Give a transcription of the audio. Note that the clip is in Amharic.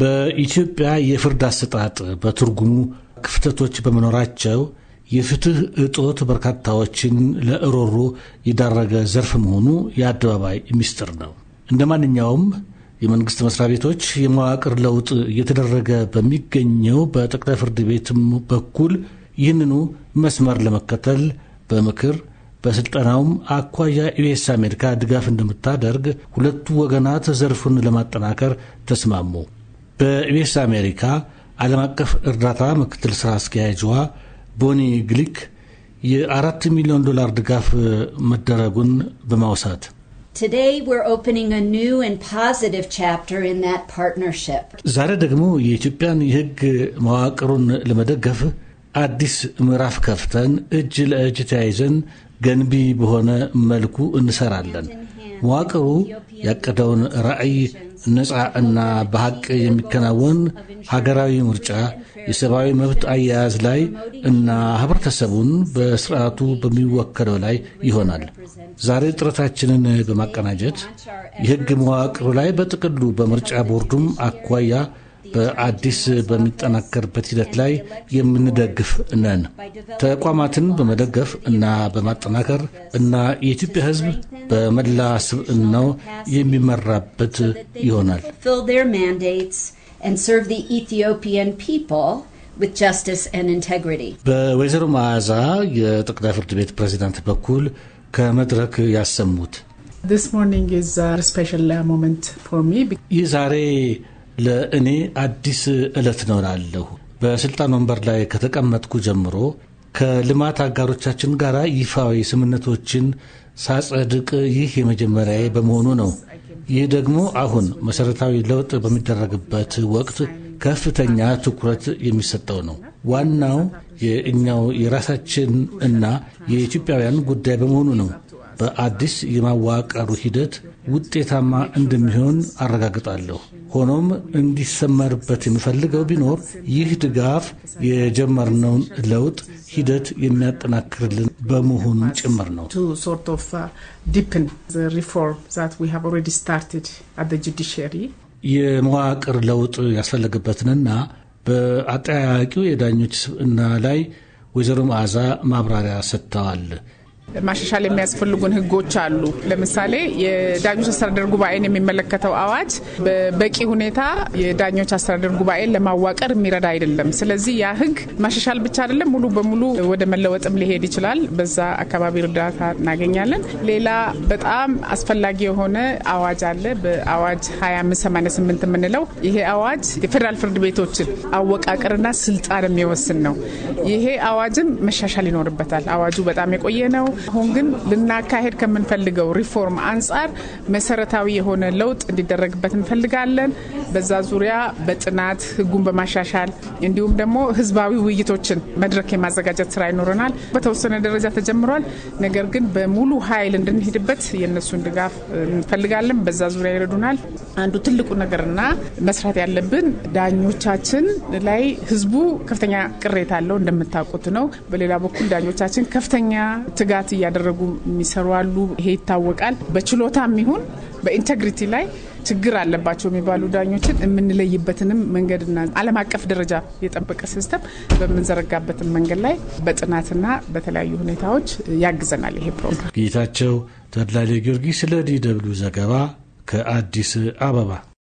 በኢትዮጵያ የፍርድ አሰጣጥ በትርጉሙ ክፍተቶች በመኖራቸው የፍትህ እጦት በርካታዎችን ለእሮሮ የዳረገ ዘርፍ መሆኑ የአደባባይ ሚስጥር ነው። እንደ ማንኛውም የመንግስት መስሪያ ቤቶች የመዋቅር ለውጥ እየተደረገ በሚገኘው በጠቅላይ ፍርድ ቤትም በኩል ይህንኑ መስመር ለመከተል በምክር በስልጠናውም አኳያ ዩኤስ አሜሪካ ድጋፍ እንደምታደርግ ሁለቱ ወገናት ዘርፉን ለማጠናከር ተስማሙ። በዩኤስ አሜሪካ ዓለም አቀፍ እርዳታ ምክትል ስራ አስኪያጅዋ ቦኒ ግሊክ የአራት ሚሊዮን ዶላር ድጋፍ መደረጉን በማውሳት ዛሬ ደግሞ የኢትዮጵያን የሕግ መዋቅሩን ለመደገፍ አዲስ ምዕራፍ ከፍተን እጅ ለእጅ ተያይዘን ገንቢ በሆነ መልኩ እንሰራለን። መዋቅሩ ያቀደውን ራዕይ ነፃ እና በሐቅ የሚከናወን ሀገራዊ ምርጫ የሰብአዊ መብት አያያዝ ላይ እና ህብረተሰቡን በስርዓቱ በሚወከለው ላይ ይሆናል። ዛሬ ጥረታችንን በማቀናጀት የህግ መዋቅሩ ላይ በጥቅሉ በምርጫ ቦርዱም አኳያ በአዲስ በሚጠናከርበት ሂደት ላይ የምንደግፍ ነን። ተቋማትን በመደገፍ እና በማጠናከር እና የኢትዮጵያ ሕዝብ በመላ ስብዕናው የሚመራበት ይሆናል። በወይዘሮ መዓዛ የጠቅላይ ፍርድ ቤት ፕሬዚዳንት በኩል ከመድረክ ያሰሙት ይህ ዛሬ ለእኔ አዲስ ዕለት ነውናለሁ። በስልጣን ወንበር ላይ ከተቀመጥኩ ጀምሮ ከልማት አጋሮቻችን ጋር ይፋዊ ስምምነቶችን ሳጸድቅ ይህ የመጀመሪያዬ በመሆኑ ነው። ይህ ደግሞ አሁን መሠረታዊ ለውጥ በሚደረግበት ወቅት ከፍተኛ ትኩረት የሚሰጠው ነው። ዋናው የእኛው የራሳችን እና የኢትዮጵያውያን ጉዳይ በመሆኑ ነው። በአዲስ የማዋቀሩ ሂደት ውጤታማ እንደሚሆን አረጋግጣለሁ። ሆኖም እንዲሰመርበት የምፈልገው ቢኖር ይህ ድጋፍ የጀመርነውን ለውጥ ሂደት የሚያጠናክርልን በመሆኑ ጭምር ነው። uh, የመዋቅር ለውጥ ያስፈለገበትንና በአጠያያቂው የዳኞች ስብዕና ላይ ወይዘሮ መዓዛ ማብራሪያ ሰጥተዋል። ማሻሻል የሚያስፈልጉን ህጎች አሉ። ለምሳሌ የዳኞች አስተዳደር ጉባኤን የሚመለከተው አዋጅ በበቂ ሁኔታ የዳኞች አስተዳደር ጉባኤን ለማዋቀር የሚረዳ አይደለም። ስለዚህ ያ ህግ ማሻሻል ብቻ አይደለም፣ ሙሉ በሙሉ ወደ መለወጥም ሊሄድ ይችላል። በዛ አካባቢ እርዳታ እናገኛለን። ሌላ በጣም አስፈላጊ የሆነ አዋጅ አለ። በአዋጅ 2588 የምንለው ይሄ አዋጅ የፌዴራል ፍርድ ቤቶችን አወቃቀርና ስልጣን የሚወስን ነው። ይሄ አዋጅም መሻሻል ይኖርበታል። አዋጁ በጣም የቆየ ነው። አሁን ግን ልናካሄድ ከምንፈልገው ሪፎርም አንጻር መሰረታዊ የሆነ ለውጥ እንዲደረግበት እንፈልጋለን። በዛ ዙሪያ በጥናት ህጉን በማሻሻል እንዲሁም ደግሞ ህዝባዊ ውይይቶችን መድረክ የማዘጋጀት ስራ ይኖረናል። በተወሰነ ደረጃ ተጀምሯል። ነገር ግን በሙሉ ኃይል እንድንሄድበት የእነሱን ድጋፍ እንፈልጋለን። በዛ ዙሪያ ይረዱናል። አንዱ ትልቁ ነገርና መስራት ያለብን ዳኞቻችን ላይ ህዝቡ ከፍተኛ ቅሬታ አለው፣ እንደምታውቁት ነው። በሌላ በኩል ዳኞቻችን ከፍተኛ ትጋት እያደረጉ የሚሰሩ አሉ። ይሄ ይታወቃል። በችሎታም ይሁን በኢንቴግሪቲ ላይ ችግር አለባቸው የሚባሉ ዳኞችን የምንለይበትንም መንገድና ዓለም አቀፍ ደረጃ የጠበቀ ሲስተም በምንዘረጋበትን መንገድ ላይ በጥናትና በተለያዩ ሁኔታዎች ያግዘናል ይሄ ፕሮግራም። ጌታቸው ተድላሌ ጊዮርጊስ ለዲ ደብልዩ ዘገባ ከአዲስ አበባ